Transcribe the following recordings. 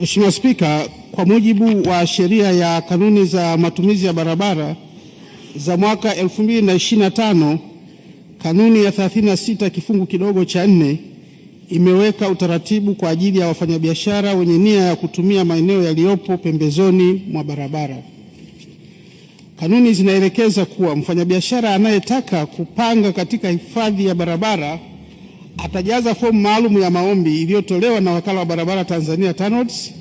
Mheshimiwa Spika, kwa mujibu wa sheria ya kanuni za matumizi ya barabara za mwaka 2025 kanuni ya 36 kifungu kidogo cha nne imeweka utaratibu kwa ajili ya wafanyabiashara wenye nia ya kutumia maeneo yaliyopo pembezoni mwa barabara. Kanuni zinaelekeza kuwa mfanyabiashara anayetaka kupanga katika hifadhi ya barabara atajaza fomu maalum ya maombi iliyotolewa na wakala wa barabara Tanzania TANROADS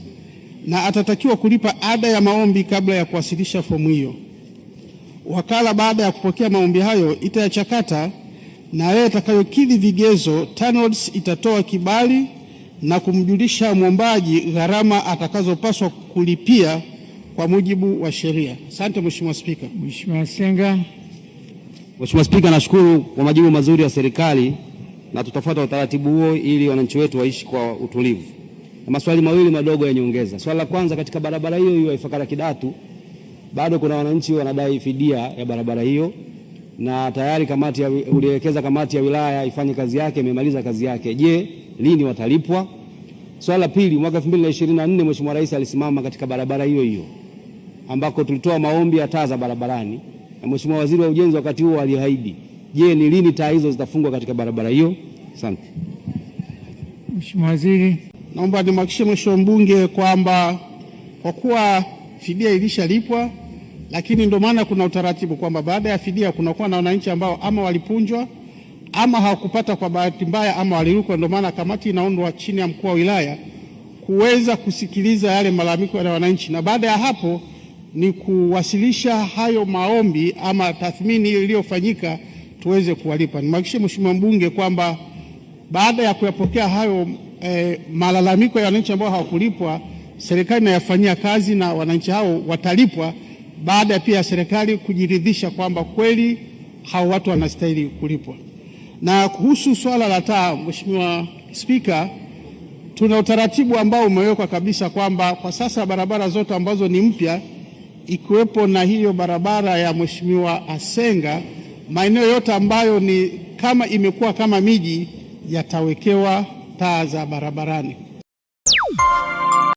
na atatakiwa kulipa ada ya maombi kabla ya kuwasilisha fomu hiyo. Wakala baada ya kupokea maombi hayo itayachakata na yeye atakayokidhi vigezo, TANROADS itatoa kibali na kumjulisha mwombaji gharama atakazopaswa kulipia kwa mujibu wa sheria. Asante Mheshimiwa Spika. Mheshimiwa Senga. Mheshimiwa Spika, nashukuru kwa majibu mazuri ya serikali na tutafuata utaratibu huo ili wananchi wetu waishi kwa utulivu. Na maswali mawili madogo ya nyongeza. Swali la kwanza, katika barabara hiyo hiyo Ifakara Kidatu bado kuna wananchi wanadai fidia ya barabara hiyo, na tayari kamati ya ulielekeza kamati ya wilaya ifanye kazi yake, imemaliza kazi yake. Je, lini watalipwa? Swali la pili, mwaka 2024 Mheshimiwa Rais alisimama katika barabara hiyo hiyo ambako tulitoa maombi ya taa za barabarani, na Mheshimiwa Waziri wa Ujenzi wakati huo aliahidi Je, ni lini taa hizo zitafungwa katika barabara hiyo? Asante. Mheshimiwa Waziri. Naomba nimhakikishie Mheshimiwa mbunge kwamba kwa kuwa fidia ilishalipwa, lakini ndio maana kuna utaratibu kwamba baada ya fidia kunakuwa na wananchi ambao ama walipunjwa ama hawakupata kwa bahati mbaya ama walirukwa. Ndio maana kamati inaundwa chini ya mkuu wa wilaya kuweza kusikiliza yale malalamiko ya wananchi, na baada ya hapo ni kuwasilisha hayo maombi ama tathmini iliyofanyika tuweze kuwalipa. Nimhakikishie Mheshimiwa mbunge kwamba baada ya kuyapokea hayo e, malalamiko ya wananchi ambao hawakulipwa, serikali inayafanyia kazi na wananchi hao watalipwa baada ya pia ya serikali kujiridhisha kwamba kweli hao watu wanastahili kulipwa. Na kuhusu swala la taa, Mheshimiwa Spika, tuna utaratibu ambao umewekwa kabisa kwamba kwa sasa barabara zote ambazo ni mpya ikiwepo na hiyo barabara ya Mheshimiwa Asenga maeneo yote ambayo ni kama imekuwa kama miji yatawekewa taa za barabarani.